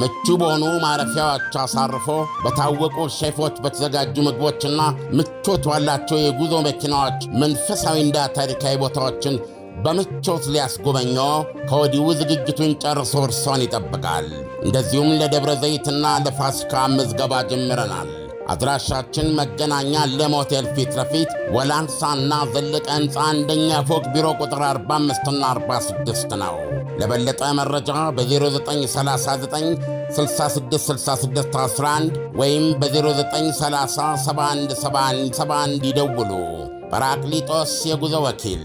ምቹ በሆኑ ማረፊያዎች አሳርፎ በታወቁ ሼፎች በተዘጋጁ ምግቦችና ምቾት ባላቸው የጉዞ መኪናዎች መንፈሳዊና ታሪካዊ ቦታዎችን በምቾት ሊያስጎበኞ ከወዲሁ ዝግጅቱን ጨርሶ እርሶን ይጠብቃል። እንደዚሁም ለደብረ ዘይትና ለፋሲካ ምዝገባ ጀምረናል። አድራሻችን መገናኛ ለሞቴል ፊት ለፊት ወላንሳና ዘለቀ ሕንፃ አንደኛ ፎቅ ቢሮ ቁጥር 45ና 46 ነው። ለበለጠ መረጃ በ0939666611 ወይም በ0930717171 ይደውሉ። ጰራቅሊጦስ የጉዞ ወኪል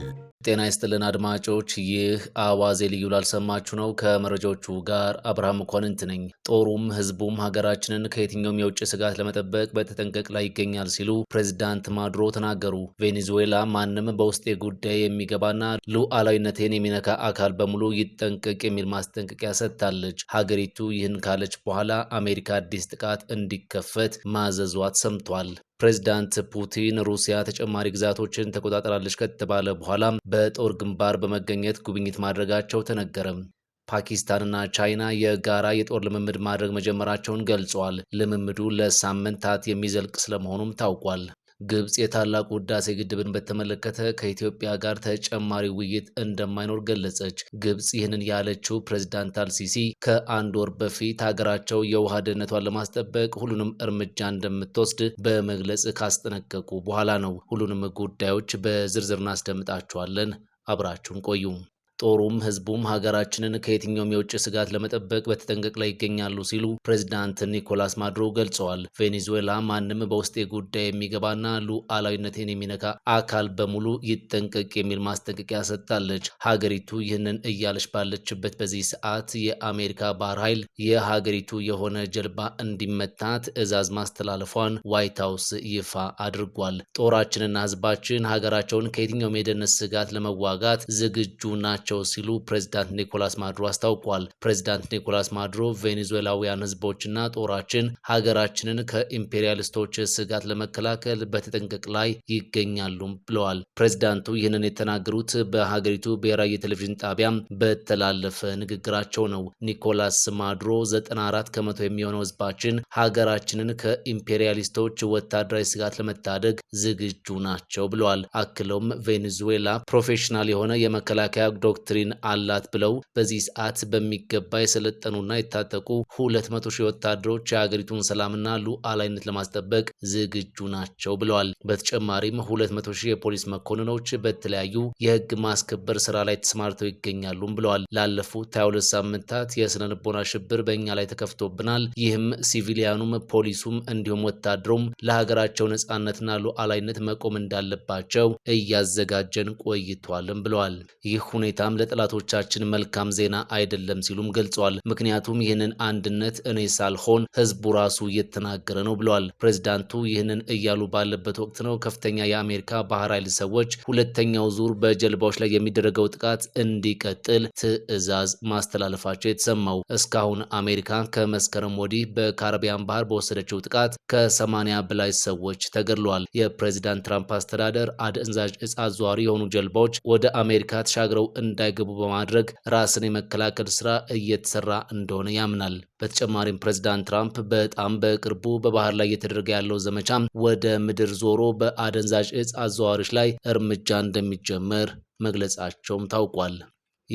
ጤና ይስጥልን አድማጮች፣ ይህ አዋዜ ልዩ ላልሰማችሁ ነው። ከመረጃዎቹ ጋር አብርሃም መኳንንት ነኝ። ጦሩም ህዝቡም ሀገራችንን ከየትኛውም የውጭ ስጋት ለመጠበቅ በተጠንቀቅ ላይ ይገኛል ሲሉ ፕሬዚዳንት ማዱሮ ተናገሩ። ቬኔዙዌላ ማንም በውስጤ ጉዳይ የሚገባና ሉዓላዊነቴን የሚነካ አካል በሙሉ ይጠንቀቅ የሚል ማስጠንቀቂያ ሰጥታለች። ሀገሪቱ ይህን ካለች በኋላ አሜሪካ አዲስ ጥቃት እንዲከፈት ማዘዟት ሰምቷል። ፕሬዚዳንት ፑቲን ሩሲያ ተጨማሪ ግዛቶችን ተቆጣጠራለች ከተባለ በኋላ በጦር ግንባር በመገኘት ጉብኝት ማድረጋቸው ተነገረም። ፓኪስታንና ቻይና የጋራ የጦር ልምምድ ማድረግ መጀመራቸውን ገልጸዋል። ልምምዱ ለሳምንታት የሚዘልቅ ስለመሆኑም ታውቋል። ግብፅ የታላቁ ህዳሴ ግድብን በተመለከተ ከኢትዮጵያ ጋር ተጨማሪ ውይይት እንደማይኖር ገለጸች። ግብፅ ይህንን ያለችው ፕሬዚዳንት አልሲሲ ከአንድ ወር በፊት ሀገራቸው የውሃ ደህንነቷን ለማስጠበቅ ሁሉንም እርምጃ እንደምትወስድ በመግለጽ ካስጠነቀቁ በኋላ ነው። ሁሉንም ጉዳዮች በዝርዝር እናስደምጣችኋለን። አብራችሁን ቆዩ። ጦሩም ህዝቡም ሀገራችንን ከየትኛውም የውጭ ስጋት ለመጠበቅ በተጠንቀቅ ላይ ይገኛሉ ሲሉ ፕሬዚዳንት ኒኮላስ ማዱሮ ገልጸዋል። ቬኔዙዌላ ማንም በውስጤ ጉዳይ የሚገባና ሉዓላዊነቴን የሚነካ አካል በሙሉ ይጠንቀቅ የሚል ማስጠንቀቂያ ሰጥታለች። ሀገሪቱ ይህንን እያለች ባለችበት በዚህ ሰዓት የአሜሪካ ባህር ኃይል የሀገሪቱ የሆነ ጀልባ እንዲመታ ትዕዛዝ ማስተላለፏን ዋይት ሀውስ ይፋ አድርጓል። ጦራችንና ህዝባችን ሀገራቸውን ከየትኛውም የደህንነት ስጋት ለመዋጋት ዝግጁ ናቸው ናቸው ሲሉ ፕሬዚዳንት ኒኮላስ ማዱሮ አስታውቋል። ፕሬዚዳንት ኒኮላስ ማዱሮ ቬኔዙዌላውያን ህዝቦችና ጦራችን ሀገራችንን ከኢምፔሪያሊስቶች ስጋት ለመከላከል በተጠንቀቅ ላይ ይገኛሉ ብለዋል። ፕሬዚዳንቱ ይህንን የተናገሩት በሀገሪቱ ብሔራዊ የቴሌቪዥን ጣቢያ በተላለፈ ንግግራቸው ነው። ኒኮላስ ማድሮ 94 ከመቶ የሚሆነው ህዝባችን ሀገራችንን ከኢምፔሪያሊስቶች ወታደራዊ ስጋት ለመታደግ ዝግጁ ናቸው ብለዋል። አክለውም ቬኔዙዌላ ፕሮፌሽናል የሆነ የመከላከያ ዶክተር ዶክትሪን አላት ብለው በዚህ ሰዓት በሚገባ የሰለጠኑና የታጠቁ ሁለት መቶ ሺህ ወታደሮች የሀገሪቱን ሰላምና ሉዓላይነት ለማስጠበቅ ዝግጁ ናቸው ብለዋል። በተጨማሪም ሁለት መቶ ሺህ የፖሊስ መኮንኖች በተለያዩ የህግ ማስከበር ስራ ላይ ተሰማርተው ይገኛሉም ብለዋል። ላለፉት 22 ሳምንታት የስነ ልቦና ሽብር በእኛ ላይ ተከፍቶብናል። ይህም ሲቪሊያኑም ፖሊሱም እንዲሁም ወታደሩም ለሀገራቸው ነጻነትና ሉዓላይነት መቆም እንዳለባቸው እያዘጋጀን ቆይቷልም ብለዋል። ይህ ሁኔታ ሁኔታም ለጠላቶቻችን መልካም ዜና አይደለም ሲሉም ገልጸዋል። ምክንያቱም ይህንን አንድነት እኔ ሳልሆን ህዝቡ ራሱ እየተናገረ ነው ብለዋል። ፕሬዚዳንቱ ይህንን እያሉ ባለበት ወቅት ነው ከፍተኛ የአሜሪካ ባህር ኃይል ሰዎች ሁለተኛው ዙር በጀልባዎች ላይ የሚደረገው ጥቃት እንዲቀጥል ትዕዛዝ ማስተላለፋቸው የተሰማው። እስካሁን አሜሪካ ከመስከረም ወዲህ በካረቢያን ባህር በወሰደችው ጥቃት ከሰማንያ በላይ ሰዎች ተገድለዋል። የፕሬዚዳንት ትራምፕ አስተዳደር አደንዛዥ እጽ አዘዋሪ የሆኑ ጀልባዎች ወደ አሜሪካ ተሻግረው እንዳይገቡ በማድረግ ራስን የመከላከል ስራ እየተሰራ እንደሆነ ያምናል። በተጨማሪም ፕሬዚዳንት ትራምፕ በጣም በቅርቡ በባህር ላይ እየተደረገ ያለው ዘመቻ ወደ ምድር ዞሮ በአደንዛዥ እጽ አዘዋዋሪዎች ላይ እርምጃ እንደሚጀመር መግለጻቸውም ታውቋል።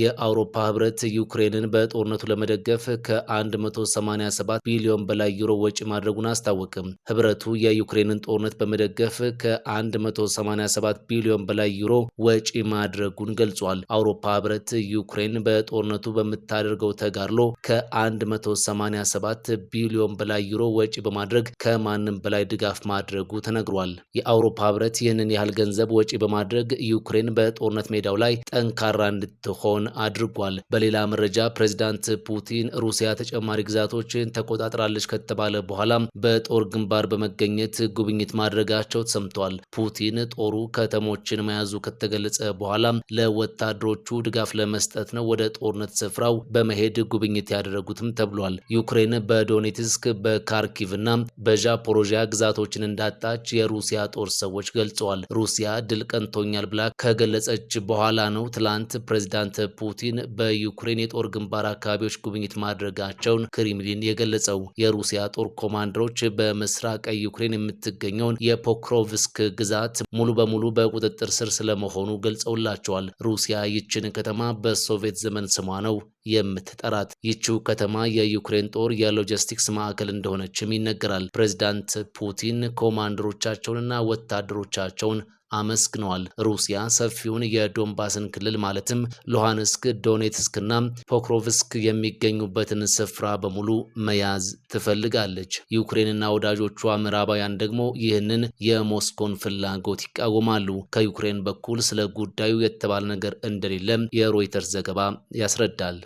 የአውሮፓ ህብረት ዩክሬንን በጦርነቱ ለመደገፍ ከ187 ቢሊዮን በላይ ዩሮ ወጪ ማድረጉን አስታወቅም። ህብረቱ የዩክሬንን ጦርነት በመደገፍ ከ187 ቢሊዮን በላይ ዩሮ ወጪ ማድረጉን ገልጿል። አውሮፓ ህብረት ዩክሬን በጦርነቱ በምታደርገው ተጋድሎ ከ187 ቢሊዮን በላይ ዩሮ ወጪ በማድረግ ከማንም በላይ ድጋፍ ማድረጉ ተነግሯል። የአውሮፓ ህብረት ይህንን ያህል ገንዘብ ወጪ በማድረግ ዩክሬን በጦርነት ሜዳው ላይ ጠንካራ እንድትሆን እንዲሆን አድርጓል። በሌላ መረጃ ፕሬዚዳንት ፑቲን ሩሲያ ተጨማሪ ግዛቶችን ተቆጣጥራለች ከተባለ በኋላ በጦር ግንባር በመገኘት ጉብኝት ማድረጋቸው ተሰምቷል። ፑቲን ጦሩ ከተሞችን መያዙ ከተገለጸ በኋላ ለወታደሮቹ ድጋፍ ለመስጠት ነው ወደ ጦርነት ስፍራው በመሄድ ጉብኝት ያደረጉትም ተብሏል። ዩክሬን በዶኔትስክ በካርኪቭ እና በዣፖሮዥያ ግዛቶችን እንዳጣች የሩሲያ ጦር ሰዎች ገልጸዋል። ሩሲያ ድል ቀንቶኛል ብላ ከገለጸች በኋላ ነው ትላንት ፕሬዚዳንት ፑቲን በዩክሬን የጦር ግንባር አካባቢዎች ጉብኝት ማድረጋቸውን ክሪምሊን የገለጸው የሩሲያ ጦር ኮማንደሮች በምስራቅ ዩክሬን የምትገኘውን የፖክሮቭስክ ግዛት ሙሉ በሙሉ በቁጥጥር ስር ስለመሆኑ ገልጸውላቸዋል። ሩሲያ ይችን ከተማ በሶቪየት ዘመን ስሟ ነው የምትጠራት። ይቺው ከተማ የዩክሬን ጦር የሎጂስቲክስ ማዕከል እንደሆነችም ይነገራል። ፕሬዚዳንት ፑቲን ኮማንደሮቻቸውንና ወታደሮቻቸውን አመስግነዋል። ሩሲያ ሰፊውን የዶንባስን ክልል ማለትም ሉሃንስክ፣ ዶኔትስክና ፖክሮቭስክ የሚገኙበትን ስፍራ በሙሉ መያዝ ትፈልጋለች። ዩክሬንና ወዳጆቿ ምዕራባውያን ደግሞ ይህንን የሞስኮን ፍላጎት ይቃወማሉ። ከዩክሬን በኩል ስለ ጉዳዩ የተባለ ነገር እንደሌለም የሮይተርስ ዘገባ ያስረዳል።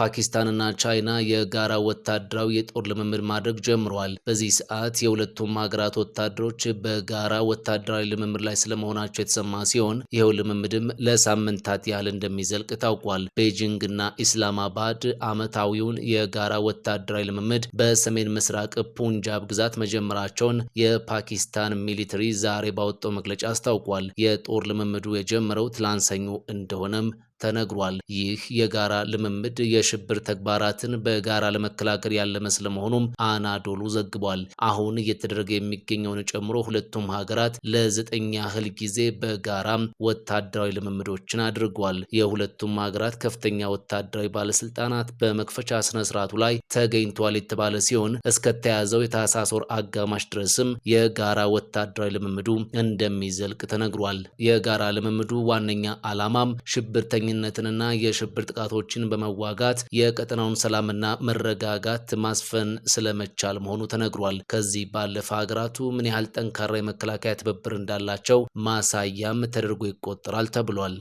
ፓኪስታንና ቻይና የጋራ ወታደራዊ የጦር ልምምድ ማድረግ ጀምረዋል። በዚህ ሰዓት የሁለቱም ሀገራት ወታደሮች በጋራ ወታደራዊ ልምምድ ላይ ስለመሆናቸው የተሰማ ሲሆን ይኸው ልምምድም ለሳምንታት ያህል እንደሚዘልቅ ታውቋል። ቤጂንግና ኢስላማባድ ዓመታዊውን የጋራ ወታደራዊ ልምምድ በሰሜን ምስራቅ ፑንጃብ ግዛት መጀመራቸውን የፓኪስታን ሚሊተሪ ዛሬ ባወጣው መግለጫ አስታውቋል። የጦር ልምምዱ የጀመረው ትላንት ሰኞ እንደሆነም ተነግሯል። ይህ የጋራ ልምምድ የሽብር ተግባራትን በጋራ ለመከላከል ያለመ ስለመሆኑም አናዶሉ ዘግቧል። አሁን እየተደረገ የሚገኘውን ጨምሮ ሁለቱም ሀገራት ለዘጠኝ ያህል ጊዜ በጋራም ወታደራዊ ልምምዶችን አድርጓል። የሁለቱም ሀገራት ከፍተኛ ወታደራዊ ባለስልጣናት በመክፈቻ ስነስርዓቱ ላይ ተገኝቷል የተባለ ሲሆን እስከተያዘው የታህሳስ ወር አጋማሽ ድረስም የጋራ ወታደራዊ ልምምዱ እንደሚዘልቅ ተነግሯል። የጋራ ልምምዱ ዋነኛ ዓላማም ሽብርተኛ ሽብርተኝነትንና የሽብር ጥቃቶችን በመዋጋት የቀጠናውን ሰላምና መረጋጋት ማስፈን ስለመቻል መሆኑ ተነግሯል። ከዚህ ባለፈ ሀገራቱ ምን ያህል ጠንካራ የመከላከያ ትብብር እንዳላቸው ማሳያም ተደርጎ ይቆጠራል ተብሏል።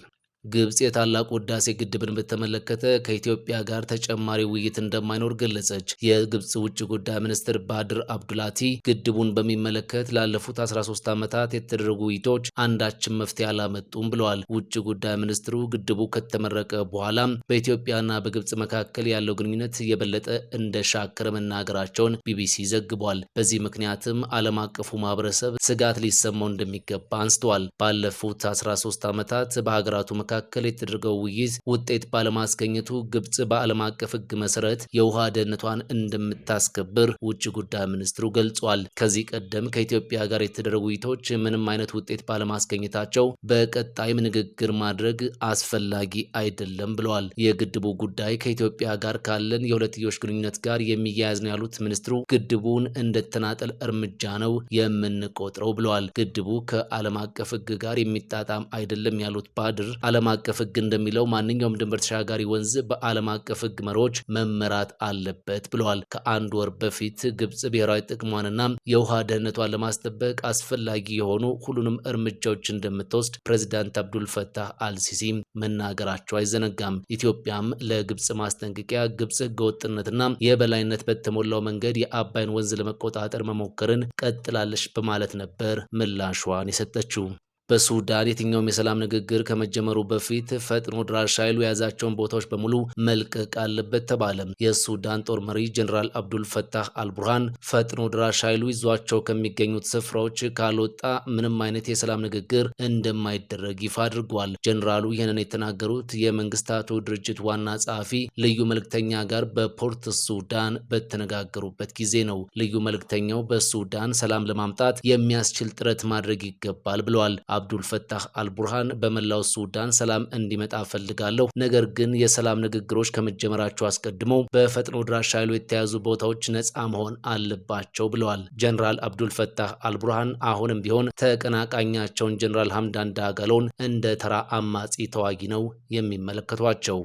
ግብፅ የታላቁ ህዳሴ ግድብን በተመለከተ ከኢትዮጵያ ጋር ተጨማሪ ውይይት እንደማይኖር ገለጸች። የግብፅ ውጭ ጉዳይ ሚኒስትር ባድር አብዱላቲ ግድቡን በሚመለከት ላለፉት 13 ዓመታት የተደረጉ ውይይቶች አንዳችን መፍትሄ አላመጡም ብለዋል። ውጭ ጉዳይ ሚኒስትሩ ግድቡ ከተመረቀ በኋላም በኢትዮጵያና በግብፅ መካከል ያለው ግንኙነት የበለጠ እንደሻከረ መናገራቸውን ቢቢሲ ዘግቧል። በዚህ ምክንያትም ዓለም አቀፉ ማህበረሰብ ስጋት ሊሰማው እንደሚገባ አንስተዋል። ባለፉት 13 ዓመታት በሀገራቱ መካከል መካከል የተደረገው ውይይት ውጤት ባለማስገኘቱ ግብጽ በዓለም አቀፍ ሕግ መሰረት የውሃ ደህንነቷን እንደምታስከብር ውጭ ጉዳይ ሚኒስትሩ ገልጿል። ከዚህ ቀደም ከኢትዮጵያ ጋር የተደረጉ ውይይቶች ምንም አይነት ውጤት ባለማስገኘታቸው በቀጣይም ንግግር ማድረግ አስፈላጊ አይደለም ብለዋል። የግድቡ ጉዳይ ከኢትዮጵያ ጋር ካለን የሁለትዮሽ ግንኙነት ጋር የሚያያዝ ነው ያሉት ሚኒስትሩ ግድቡን እንደተናጠል እርምጃ ነው የምንቆጥረው ብለዋል። ግድቡ ከዓለም አቀፍ ሕግ ጋር የሚጣጣም አይደለም ያሉት ባድር ዓለም ዓለም አቀፍ ሕግ እንደሚለው ማንኛውም ድንበር ተሻጋሪ ወንዝ በዓለም አቀፍ ሕግ መሪዎች መመራት አለበት ብለዋል። ከአንድ ወር በፊት ግብጽ ብሔራዊ ጥቅሟንና የውሃ ደህንነቷን ለማስጠበቅ አስፈላጊ የሆኑ ሁሉንም እርምጃዎች እንደምትወስድ ፕሬዚዳንት አብዱል ፈታህ አልሲሲ መናገራቸው አይዘነጋም። ኢትዮጵያም ለግብጽ ማስጠንቀቂያ ግብጽ ህገወጥነትና የበላይነት በተሞላው መንገድ የአባይን ወንዝ ለመቆጣጠር መሞከርን ቀጥላለች በማለት ነበር ምላሿን የሰጠችው። በሱዳን የትኛውም የሰላም ንግግር ከመጀመሩ በፊት ፈጥኖ ድራሽ ኃይሉ የያዛቸውን ቦታዎች በሙሉ መልቀቅ አለበት ተባለ። የሱዳን ጦር መሪ ጀኔራል አብዱል ፈታህ አልቡርሃን ፈጥኖ ድራሽ ኃይሉ ይዟቸው ከሚገኙት ስፍራዎች ካልወጣ ምንም አይነት የሰላም ንግግር እንደማይደረግ ይፋ አድርጓል። ጀኔራሉ ይህንን የተናገሩት የመንግስታቱ ድርጅት ዋና ጸሐፊ ልዩ መልእክተኛ ጋር በፖርት ሱዳን በተነጋገሩበት ጊዜ ነው። ልዩ መልክተኛው በሱዳን ሰላም ለማምጣት የሚያስችል ጥረት ማድረግ ይገባል ብለዋል። አብዱልፈታህ አልቡርሃን በመላው ሱዳን ሰላም እንዲመጣ ፈልጋለሁ፣ ነገር ግን የሰላም ንግግሮች ከመጀመራቸው አስቀድሞ በፈጥኖ ድራሽ ኃይሉ የተያዙ ቦታዎች ነፃ መሆን አለባቸው ብለዋል። ጀነራል አብዱልፈታህ አልቡርሃን አሁንም ቢሆን ተቀናቃኛቸውን ጀነራል ሐምዳን ዳጋሎን እንደ ተራ አማጺ ተዋጊ ነው የሚመለከቷቸው።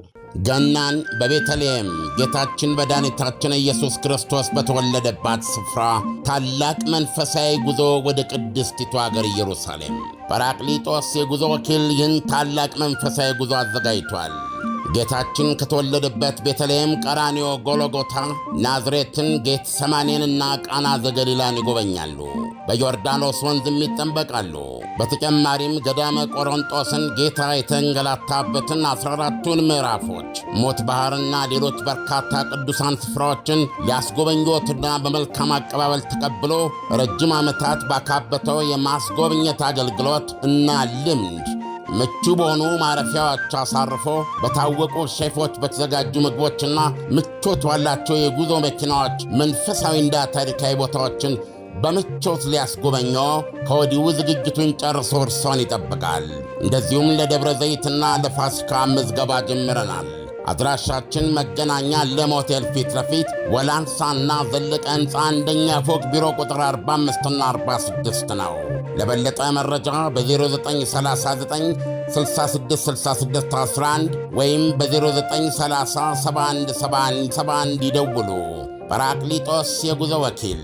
ገናን በቤተልሔም ጌታችን መድኃኒታችን ኢየሱስ ክርስቶስ በተወለደባት ስፍራ ታላቅ መንፈሳዊ ጉዞ ወደ ቅድስቲቱ አገር ኢየሩሳሌም ጰራቅሊጦስ የጉዞ ወኪል ይህን ታላቅ መንፈሳዊ ጉዞ አዘጋጅቷል። ጌታችን ከተወለደበት ቤተልሔም፣ ቀራኒዮ፣ ጎሎጎታ፣ ናዝሬትን፣ ጌት ሰማኔንና ቃና ዘገሊላን ይጎበኛሉ። በዮርዳኖስ ወንዝም ይጠንበቃሉ። በተጨማሪም ገዳመ ቆሮንጦስን ጌታ የተንገላታበትን 14ቱን ምዕራፎች ሞት ባህርና ሌሎች በርካታ ቅዱሳን ስፍራዎችን ሊያስጎበኞትና በመልካም አቀባበል ተቀብሎ ረጅም ዓመታት ባካበተው የማስጎብኘት አገልግሎት እና ልምድ ምቹ በሆኑ ማረፊያዎች አሳርፎ በታወቁ ሼፎች በተዘጋጁ ምግቦችና ምቾት ባላቸው የጉዞ መኪናዎች መንፈሳዊና ታሪካዊ ቦታዎችን በምቾት ሊያስጎበኞ ከወዲሁ ዝግጅቱን ጨርሶ እርሶን ይጠብቃል። እንደዚሁም ለደብረ ዘይትና ለፋሲካ ምዝገባ ጀምረናል። አድራሻችን መገናኛ ለም ሆቴል ፊት ለፊት ወላንሳና ዘለቀ ሕንፃ አንደኛ ፎቅ ቢሮ ቁጥር 45ና 46 ነው። ለበለጠ መረጃ በ0939 666611 ወይም በ 0931717171 ይደውሉ። ጰራቅሊጦስ የጉዞ ወኪል